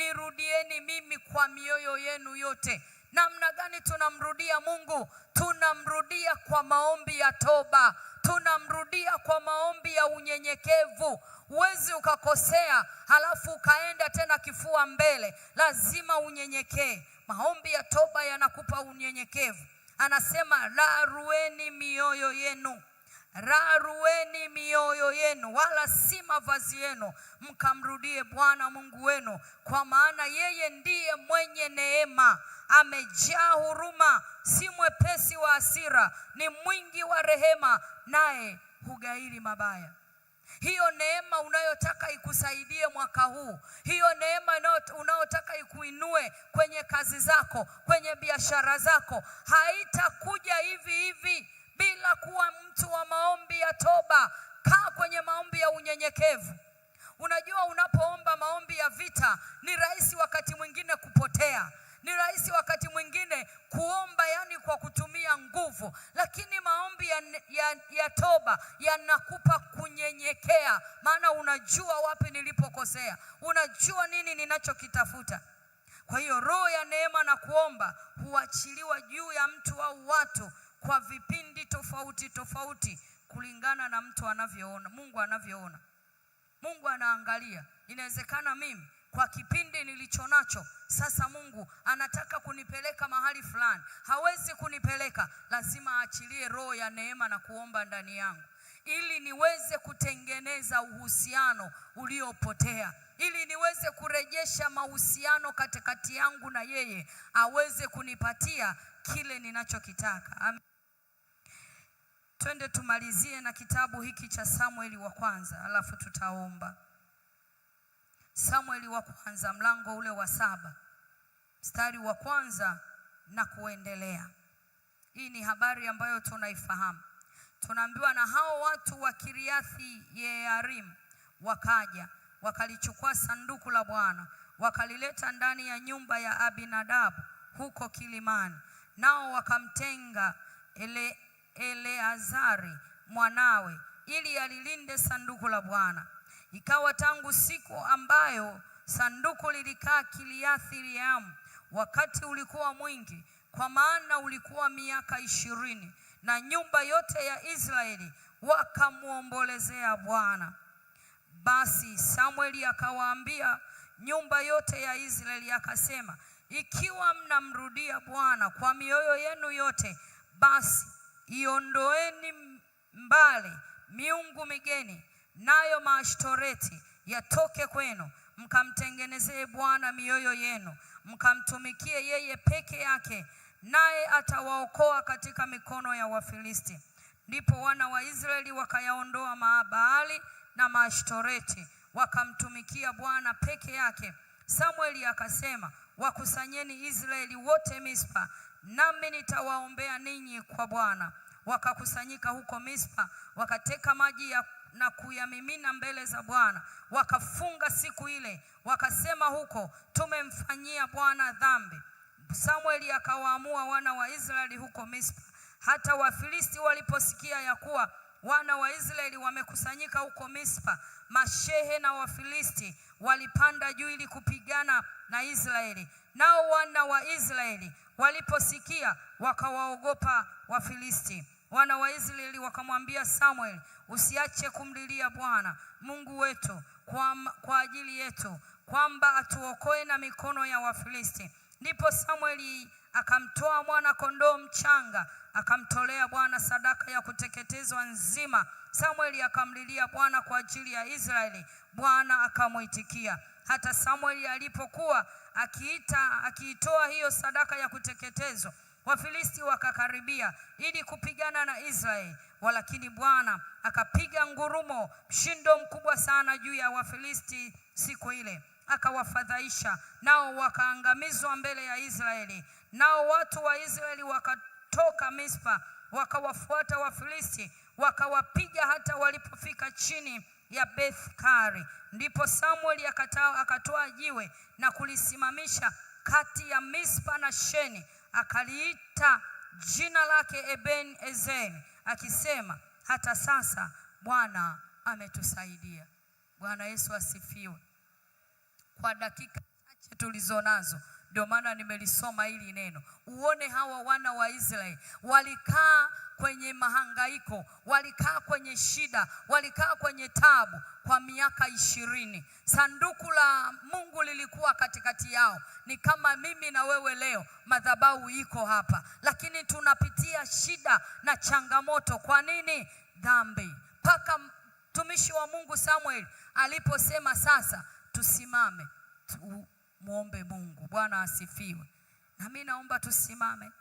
nirudieni mimi kwa mioyo yenu yote. Namna gani tunamrudia Mungu? Tunamrudia kwa maombi ya toba, tunamrudia kwa maombi ya unyenyekevu. Huwezi ukakosea halafu ukaenda tena kifua mbele, lazima unyenyekee. Maombi ya toba yanakupa unyenyekevu. Anasema, la rueni mioyo yenu Rarueni mioyo yenu, wala si mavazi yenu, mkamrudie Bwana Mungu wenu, kwa maana yeye ndiye mwenye neema, amejaa huruma, si mwepesi wa asira ni mwingi wa rehema, naye hugairi mabaya. Hiyo neema unayotaka ikusaidie mwaka huu, hiyo neema unayotaka ikuinue kwenye kazi zako, kwenye biashara zako, haitakuja hivi hivi bila kuwa mtu wa maombi ya toba. Kaa kwenye maombi ya unyenyekevu. Unajua, unapoomba maombi ya vita ni rahisi wakati mwingine kupotea, ni rahisi wakati mwingine kuomba yani kwa kutumia nguvu, lakini maombi ya, ya, ya toba yanakupa kunyenyekea, maana unajua wapi nilipokosea, unajua nini ninachokitafuta. Kwa hiyo roho ya neema na kuomba huachiliwa juu ya mtu au watu kwa vipindi tofauti tofauti kulingana na mtu anavyoona, Mungu anavyoona. Mungu anaangalia. Inawezekana mimi kwa kipindi nilicho nacho sasa, Mungu anataka kunipeleka mahali fulani, hawezi kunipeleka, lazima aachilie roho ya neema na kuomba ndani yangu ili niweze kutengeneza uhusiano uliopotea, ili niweze kurejesha mahusiano katikati yangu na yeye, aweze kunipatia kile ninachokitaka. Amen. Twende tumalizie na kitabu hiki cha Samueli wa kwanza, alafu tutaomba. Samueli wa kwanza mlango ule wa saba mstari wa kwanza na kuendelea. Hii ni habari ambayo tunaifahamu. Tunaambiwa na hao watu wa Kiriathi Yearim wakaja wakalichukua sanduku la Bwana wakalileta ndani ya nyumba ya Abinadabu huko kilimani, nao wakamtenga ele Eleazari mwanawe ili alilinde sanduku la Bwana. Ikawa tangu siku ambayo sanduku lilikaa kiliathiri yearim wakati ulikuwa mwingi, kwa maana ulikuwa miaka ishirini, na nyumba yote ya Israeli wakamwombolezea Bwana. Basi Samueli akawaambia nyumba yote ya Israeli akasema, ikiwa mnamrudia Bwana kwa mioyo yenu yote, basi Iondoeni mbali miungu migeni, nayo maashtoreti yatoke kwenu, mkamtengenezee Bwana mioyo yenu, mkamtumikie yeye peke yake, naye atawaokoa katika mikono ya Wafilisti. Ndipo wana wa Israeli wakayaondoa Maabaali na Maashtoreti, wakamtumikia Bwana peke yake. Samueli akasema, wakusanyeni Israeli wote Mispa, nami nitawaombea ninyi kwa Bwana. Wakakusanyika huko Mispa, wakateka maji ya na kuyamimina mbele za Bwana. Wakafunga siku ile, wakasema huko, tumemfanyia Bwana dhambi. Samueli akawaamua wana wa Israeli huko Mispa. Hata Wafilisti waliposikia ya kuwa wana wa Israeli wamekusanyika huko Mispa, mashehe na Wafilisti walipanda juu ili kupigana na Israeli. Nao wana wa Israeli waliposikia wakawaogopa Wafilisti. Wana wa Israeli wakamwambia Samuel, usiache kumlilia Bwana Mungu wetu kwa, kwa ajili yetu kwamba atuokoe na mikono ya Wafilisti. Ndipo Samueli akamtoa mwana kondoo mchanga akamtolea Bwana sadaka ya kuteketezwa nzima. Samueli akamlilia Bwana kwa ajili ya Israeli, Bwana akamwitikia. Hata Samueli alipokuwa akiita akiitoa hiyo sadaka ya kuteketezwa, Wafilisti wakakaribia ili kupigana na Israeli, walakini Bwana akapiga ngurumo, mshindo mkubwa sana juu ya Wafilisti siku ile, akawafadhaisha nao wakaangamizwa mbele ya Israeli. Nao watu wa Israeli wakatoka Mispa wakawafuata Wafilisti wakawapiga hata walipofika chini ya Bethkari. Ndipo Samueli akatoa jiwe na kulisimamisha kati ya Mispa na Sheni, akaliita jina lake Eben ezen akisema hata sasa Bwana ametusaidia. Bwana Yesu asifiwe. Kwa dakika chache tulizo nazo ndio maana nimelisoma hili neno, uone hawa wana wa Israeli walikaa kwenye mahangaiko, walikaa kwenye shida, walikaa kwenye tabu kwa miaka ishirini. Sanduku la Mungu lilikuwa katikati yao. Ni kama mimi na wewe leo, madhabahu iko hapa, lakini tunapitia shida na changamoto. Kwa nini? Dhambi. Mpaka mtumishi wa Mungu Samuel aliposema sasa tusimame tu muombe Mungu. Bwana asifiwe. Na mimi naomba tusimame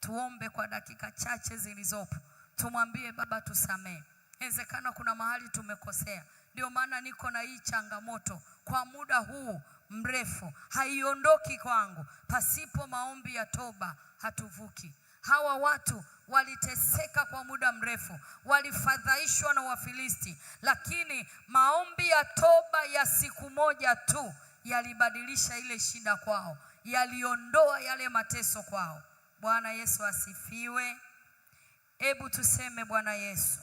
tuombe kwa dakika chache zilizopo, tumwambie Baba tusamee. Inawezekana kuna mahali tumekosea, ndio maana niko na hii changamoto kwa muda huu mrefu, haiondoki kwangu. Pasipo maombi ya toba hatuvuki. Hawa watu waliteseka kwa muda mrefu, walifadhaishwa na Wafilisti, lakini maombi ya toba ya siku moja tu yalibadilisha ile shida kwao, yaliondoa yale mateso kwao. Bwana Yesu asifiwe. Hebu tuseme Bwana Yesu,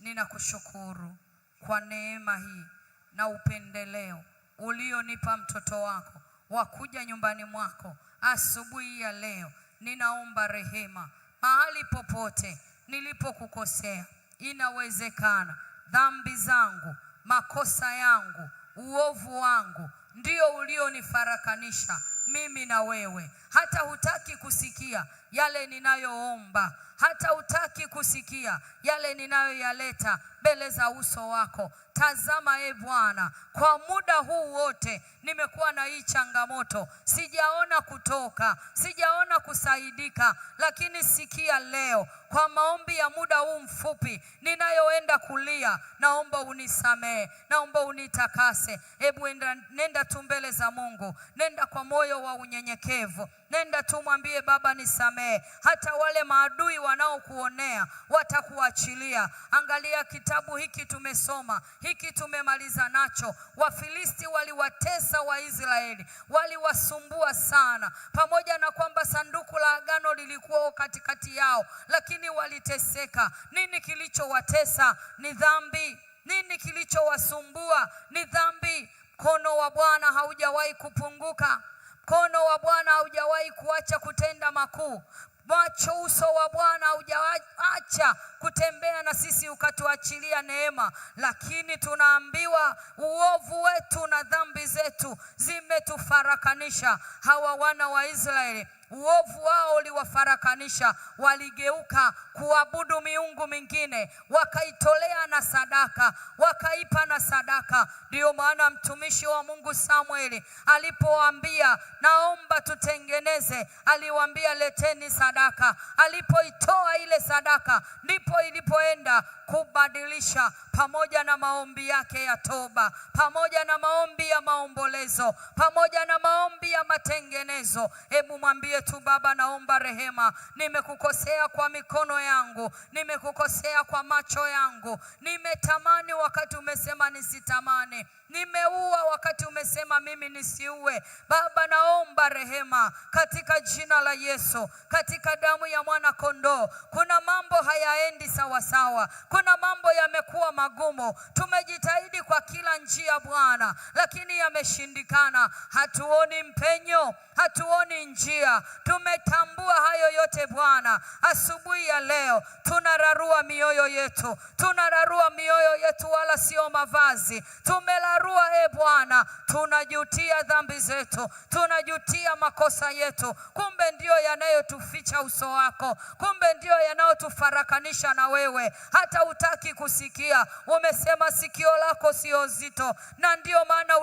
ninakushukuru kwa neema hii na upendeleo ulionipa mtoto wako wakuja nyumbani mwako asubuhi ya leo. Ninaomba rehema mahali popote nilipokukosea. Inawezekana dhambi zangu, makosa yangu, uovu wangu ndio ulionifarakanisha mimi na wewe. Hata hutaki kusikia yale ninayoomba, hata hutaki kusikia yale ninayoyaleta mbele za uso wako. Tazama e Bwana, kwa muda huu wote nimekuwa na hii changamoto, sijaona kutoka, sijaona kusaidika, lakini sikia leo kwa maombi ya muda huu mfupi ninayoenda kulia, naomba unisamehe, naomba unitakase. Hebu nenda tu mbele za Mungu, nenda kwa moyo moyo wa unyenyekevu. Nenda tu mwambie Baba, nisamehe. Hata wale maadui wanaokuonea watakuachilia. Angalia kitabu hiki tumesoma, hiki tumemaliza nacho. Wafilisti waliwatesa Waisraeli, waliwasumbua sana, pamoja na kwamba sanduku la agano lilikuwa katikati yao, lakini waliteseka. Nini kilichowatesa? Ni dhambi. Nini kilichowasumbua? Ni dhambi. Mkono wa Bwana haujawahi kupunguka. Mkono wa Bwana haujawahi kuacha kutenda makuu. Macho uso wa Bwana hujaacha kutembea na sisi ukatuachilia neema, lakini tunaambiwa uovu wetu na dhambi zetu zimetufarakanisha. Hawa wana wa Israeli Uovu wao uliwafarakanisha, waligeuka kuabudu miungu mingine, wakaitolea na sadaka, wakaipa na sadaka. Ndiyo maana mtumishi wa Mungu Samueli alipoambia naomba tutengeneze, aliwaambia leteni sadaka. Alipoitoa ile sadaka, ndipo ilipoenda kubadilisha pamoja na maombi yake ya toba, pamoja na maombi ya maombolezo, pamoja na maombi ya matengenezo. Hebu mwambie tu, Baba, naomba rehema, nimekukosea kwa mikono yangu, nimekukosea kwa macho yangu, nimetamani wakati umesema nisitamani, nimeua wakati umesema mimi nisiue. Baba, naomba rehema katika jina la Yesu, katika damu ya mwana kondoo. Kuna mambo hayaendi sawasawa, kuna mambo yamekuwa magumu, tumejitahidi kwa kila njia Bwana, lakini yameshindikana. Hatuoni mpenyo, hatuoni njia. Tumetambua hayo yote Bwana, asubuhi ya leo tuna tumerarua mioyo yetu, tunararua mioyo yetu, wala sio mavazi. tumelarua e Bwana, tunajutia dhambi zetu, tunajutia makosa yetu. Kumbe ndiyo yanayotuficha uso wako, kumbe ndiyo yanayotufarakanisha na wewe, hata utaki kusikia. Umesema sikio lako sio zito, na ndiyo maana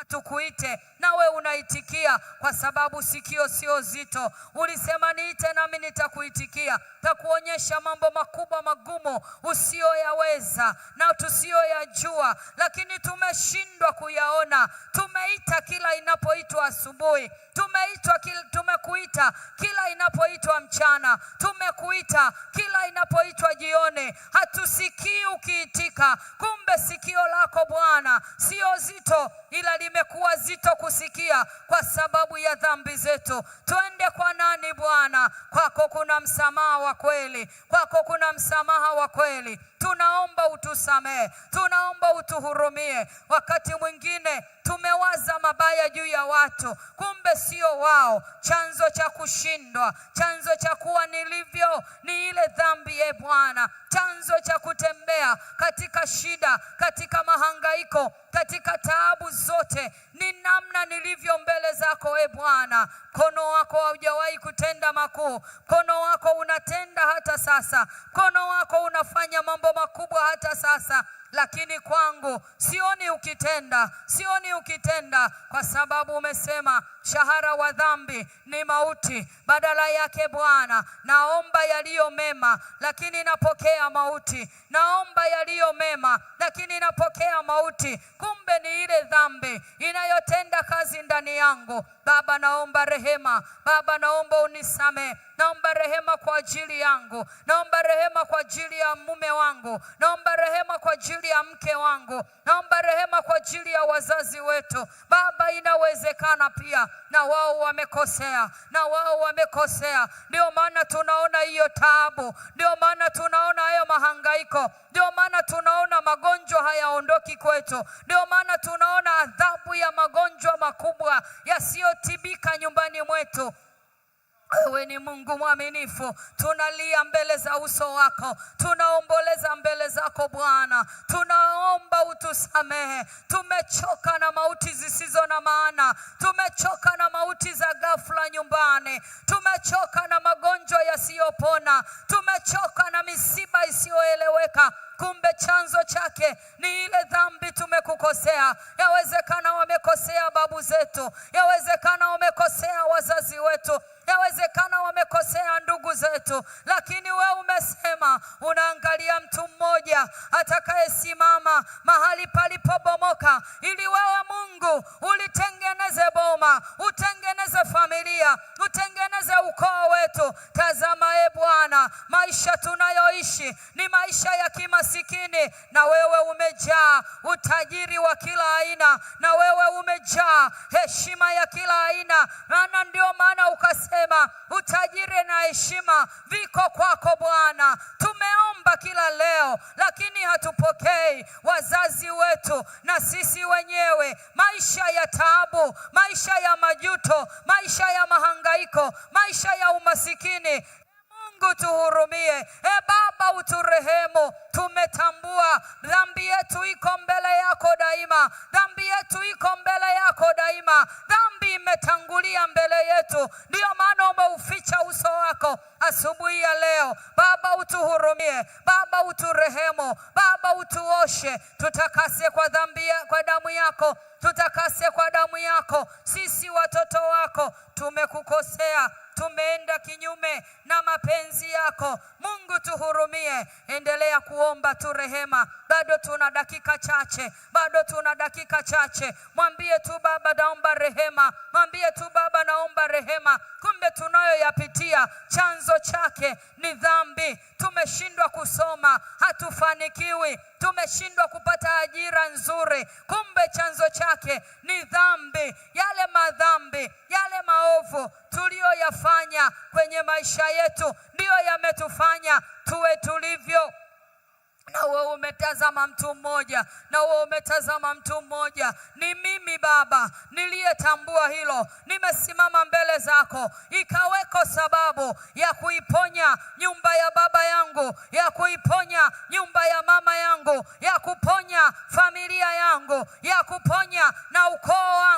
lazima tukuite nawe unaitikia, kwa sababu sikio sio zito. Ulisema niite nami nitakuitikia, takuonyesha mambo makubwa magumu usiyoyaweza na tusiyoyajua, lakini tumeshindwa kuyaona. Tumeita kila inapoitwa asubuhi, tumeitwa kila, tumekuita kila inapoitwa mchana, tumekuita kila inapoitwa jioni, hatusikii ukiitika. Kumbe sikio lako Bwana sio zito ila limekuwa zito kusikia kwa sababu ya dhambi zetu. Twende kwa nani Bwana? Kwako kuna msamaha wa kweli, kwako kuna msamaha wa kweli. Tunaomba utusamehe, tunaomba utuhurumie. Wakati mwingine tumewaza mabaya juu ya watu, kumbe sio wao. Chanzo cha kushindwa, chanzo cha kuwa nilivyo ni ile dhambi, e Bwana, chanzo cha kutembea katika shida, katika mahangaiko katika taabu zote, ni namna nilivyo mbele zako e Bwana. Mkono wako haujawahi kutenda makuu, mkono wako unatenda hata sasa, mkono wako unafanya mambo makubwa hata sasa lakini kwangu sioni ukitenda, sioni ukitenda, kwa sababu umesema Mshahara wa dhambi ni mauti, badala yake Bwana, naomba yaliyo mema, lakini napokea mauti. Naomba yaliyo mema, lakini napokea mauti. Kumbe ni ile dhambi inayotenda kazi ndani yangu. Baba, naomba rehema. Baba, naomba unisame Naomba rehema kwa ajili yangu, naomba rehema kwa ajili ya mume wangu, naomba rehema kwa ajili ya mke wangu, naomba rehema kwa ajili ya wazazi wetu. Baba, inawezekana pia na wao wamekosea, na wao wamekosea. Ndio maana tunaona hiyo taabu, ndio maana tunaona hayo mahangaiko, ndio maana tunaona magonjwa hayaondoki kwetu, ndio maana tunaona adhabu ya magonjwa makubwa yasiyotibika nyumbani mwetu. Wewe ni Mungu mwaminifu, tunalia mbele za uso wako, tunaomboleza mbele zako Bwana, tuna tunaomba utusamehe. Tumechoka na mauti zisizo na maana, tumechoka na mauti za ghafla nyumbani, tumechoka na magonjwa yasiyopona, tumechoka na misiba isiyoeleweka. Kumbe chanzo chake ni ile dhambi tumekukosea. Yawezekana wamekosea babu zetu, yawezekana wamekosea wazazi wetu Yawezekana wamekosea ndugu zetu, lakini we umesema unaangalia mtu mmoja atakayesimama mahali palipobomoka, ili wewe Mungu ulitengeneze boma, utengeneze familia, utengeneze ukoo wetu. Tazama e Bwana, maisha tunayoishi ni maisha ya kimasikini, na wewe umejaa utajiri wa kila aina, na wewe umejaa heshima ya kila aina, maana ndio maana ukasema wema, utajiri na heshima viko kwako Bwana. Tumeomba kila leo, lakini hatupokei. Wazazi wetu na sisi wenyewe, maisha ya taabu, maisha ya majuto, maisha ya mahangaiko, maisha ya umasikini Tuhurumie e Baba, uturehemu. Tumetambua dhambi yetu iko mbele yako daima, dhambi yetu iko mbele yako daima, dhambi imetangua umetulia mbele yetu, ndiyo maana umeuficha uso wako asubuhi ya leo. Baba, utuhurumie Baba, uturehemu Baba, utuoshe, tutakase kwa dhambi kwa damu yako, tutakase kwa damu yako. Sisi watoto wako tumekukosea tumeenda kinyume na mapenzi yako. Mungu tuhurumie, endelea kuomba tu rehema. Bado tuna dakika chache, bado tuna dakika chache. Mwambie tu Baba, naomba rehema. Mwambie tu Baba, naomba rehema. Kumbe tunayoyapitia chanzo chake ni dhambi, tumeshindwa kusoma, hatufanikiwi tumeshindwa kupata ajira nzuri. Kumbe chanzo chake ni dhambi, yale madhambi, yale maovu tuliyoyafanya kwenye maisha yetu ndiyo yametufanya tuwe tulivyo na wewe umetazama mtu mmoja, na wewe umetazama mtu mmoja. Ni mimi Baba niliyetambua hilo, nimesimama mbele zako, ikaweko sababu ya kuiponya nyumba ya baba yangu, ya kuiponya nyumba ya mama yangu, ya kuponya familia yangu, ya kuponya na ukoo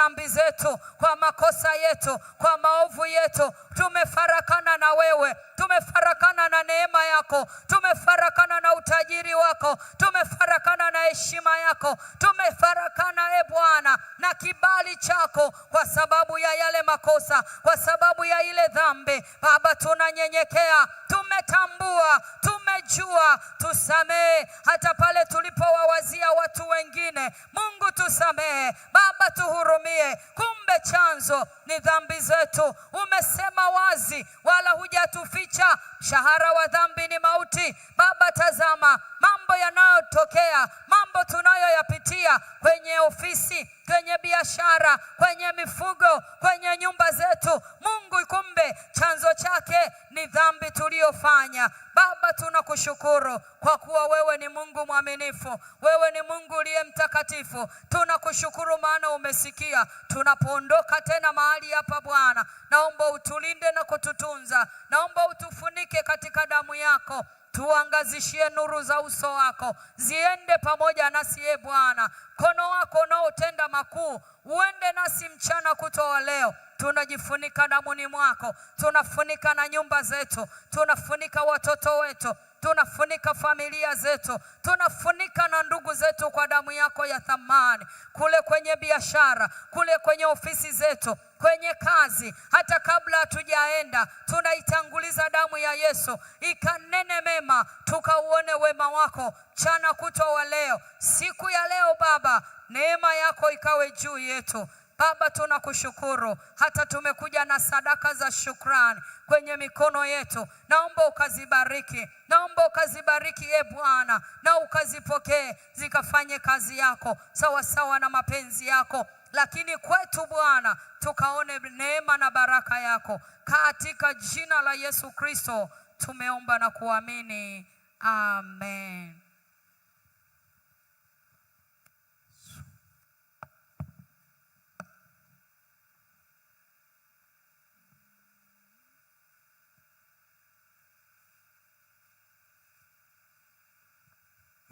dhambi zetu, kwa makosa yetu, kwa maovu yetu. Tumefarakana na wewe, tumefarakana na neema yako, tumefarakana na utajiri wako, tumefarakana na heshima yako, tumefarakana e Bwana na kibali chako, kwa sababu ya yale makosa, kwa sababu ya ile dhambi. Baba, tunanyenyekea, tumetambua tume Umejua tusamehe hata pale tulipowawazia watu wengine. Mungu tusamehe, Baba tuhurumie. Kumbe chanzo ni dhambi zetu. Umesema wazi, wala hujatuficha, shahara wa dhambi ni mauti. Baba tazama mambo yanayotokea, mambo tunayoyapitia kwenye ofisi kwenye biashara, kwenye mifugo, kwenye nyumba zetu. Mungu ikumbe, chanzo chake ni dhambi tuliyofanya. Baba, tunakushukuru kwa kuwa wewe ni Mungu mwaminifu, wewe ni Mungu uliye mtakatifu. Tunakushukuru maana umesikia tunapoondoka tena mahali hapa. Bwana, naomba utulinde na kututunza, naomba utufunike katika damu yako tuangazishie nuru za uso wako, ziende pamoja nasi ye ee Bwana. Mkono wako unaotenda makuu uende nasi mchana kutoa leo. Tunajifunika damuni mwako, tunafunika na nyumba zetu, tunafunika watoto wetu tunafunika familia zetu, tunafunika na ndugu zetu kwa damu yako ya thamani, kule kwenye biashara, kule kwenye ofisi zetu, kwenye kazi, hata kabla hatujaenda, tunaitanguliza damu ya Yesu ikanene mema, tukauone wema wako mchana kutwa wa leo, siku ya leo Baba, neema yako ikawe juu yetu. Baba, tunakushukuru hata tumekuja na sadaka za shukrani kwenye mikono yetu. Naomba ukazibariki, naomba ukazibariki e Bwana, na ukazipokee zikafanye kazi yako sawasawa sawa na mapenzi yako lakini kwetu Bwana, tukaone neema na baraka yako katika jina la Yesu Kristo tumeomba na kuamini, amen.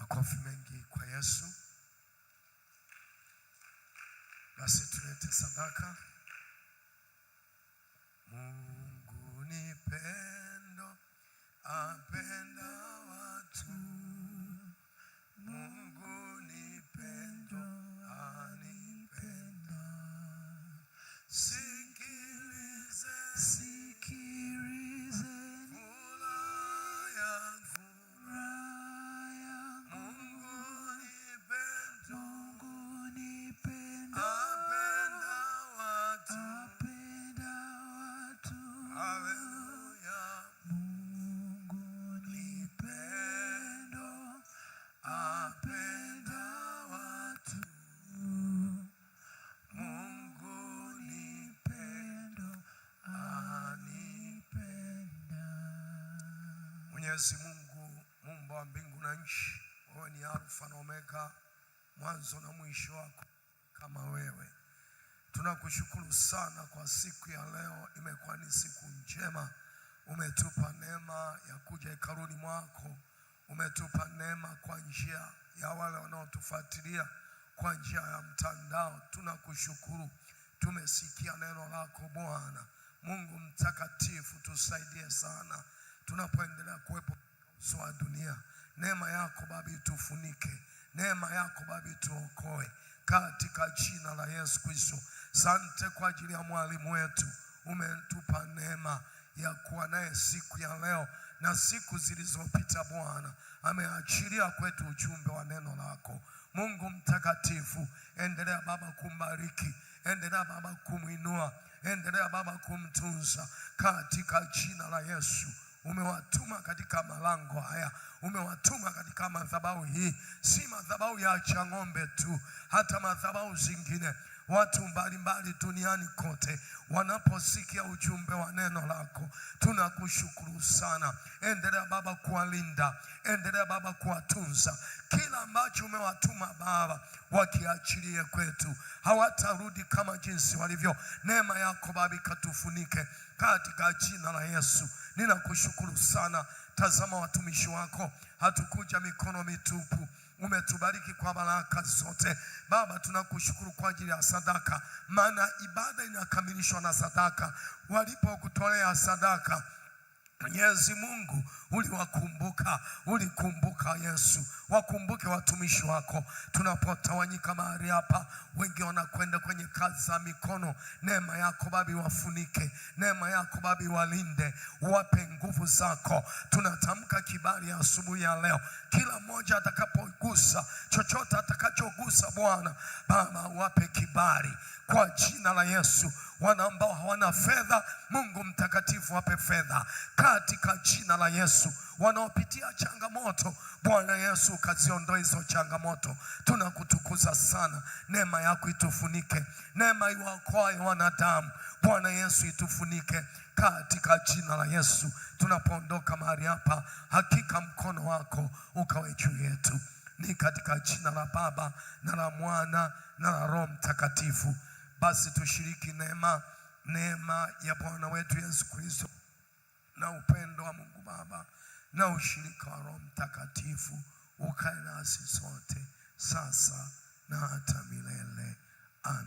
Makofi mengi kwa Yesu. Basi tulete sadaka. Mungu ni pendo, apenda watu. Mungu ni pendo, anipenda. Sikilize. Mwenyezi Mungu mumba wa mbingu na nchi, wewe ni Alfa na Omega, mwanzo na mwisho. Wako kama wewe. Tunakushukuru sana kwa siku ya leo, imekuwa ni siku njema. Umetupa neema ya kuja hekaluni mwako, umetupa neema kwa njia ya wale wanaotufuatilia kwa njia ya mtandao. Tunakushukuru, tumesikia neno lako Bwana Mungu mtakatifu, tusaidie sana tunapoendelea kuwepo uso wa dunia. Neema yako Baba itufunike, neema yako Baba ituokoe katika jina la Yesu Kristo. Sante kwa ajili ya mwalimu wetu, umetupa neema ya kuwa naye siku ya leo na siku zilizopita. Bwana ameachilia kwetu ujumbe wa neno lako. Mungu mtakatifu, endelea Baba kumbariki, endelea Baba kumwinua, endelea Baba kumtunza katika jina la Yesu umewatuma katika malango haya, umewatuma katika madhabahu hii, si madhabahu ya cha ngombe tu, hata madhabahu zingine watu mbalimbali duniani kote wanaposikia ujumbe wa neno lako, tunakushukuru sana. Endelea Baba kuwalinda, endelea Baba kuwatunza. Kila ambacho umewatuma Baba wakiachilie kwetu, hawatarudi kama jinsi walivyo. Neema yako Baba ikatufunike katika jina la Yesu. Ninakushukuru sana. Tazama watumishi wako, hatukuja mikono mitupu umetubariki kwa baraka zote. Baba, tunakushukuru kwa ajili ya sadaka, maana ibada inakamilishwa na sadaka. Walipokutolea sadaka Mwenyezi Mungu uliwakumbuka, ulikumbuka Yesu. Wakumbuke watumishi wako tunapotawanyika mahali hapa, wengi wanakwenda kwenye kazi za mikono. Neema yako Baba iwafunike, neema yako Baba iwalinde, wape nguvu zako. Tunatamka kibali asubuhi ya leo, kila mmoja atakapogusa chochote, atakachogusa Bwana Baba, wape kibali kwa jina la Yesu. Wana ambao hawana fedha, Mungu mtakatifu wape fedha katika jina la Yesu. Wanaopitia changamoto, Bwana Yesu kaziondoe hizo changamoto. Tunakutukuza sana, neema yako itufunike, neema iwaokoe wanadamu, Bwana Yesu itufunike katika jina la Yesu. Tunapoondoka mahali hapa, hakika mkono wako ukawe juu yetu, ni katika jina la Baba na la Mwana na la Roho Mtakatifu basi tushiriki neema neema ya Bwana wetu Yesu Kristo na upendo wa Mungu Baba na ushirika wa Roho Mtakatifu ukae nasi sote sasa na hata milele.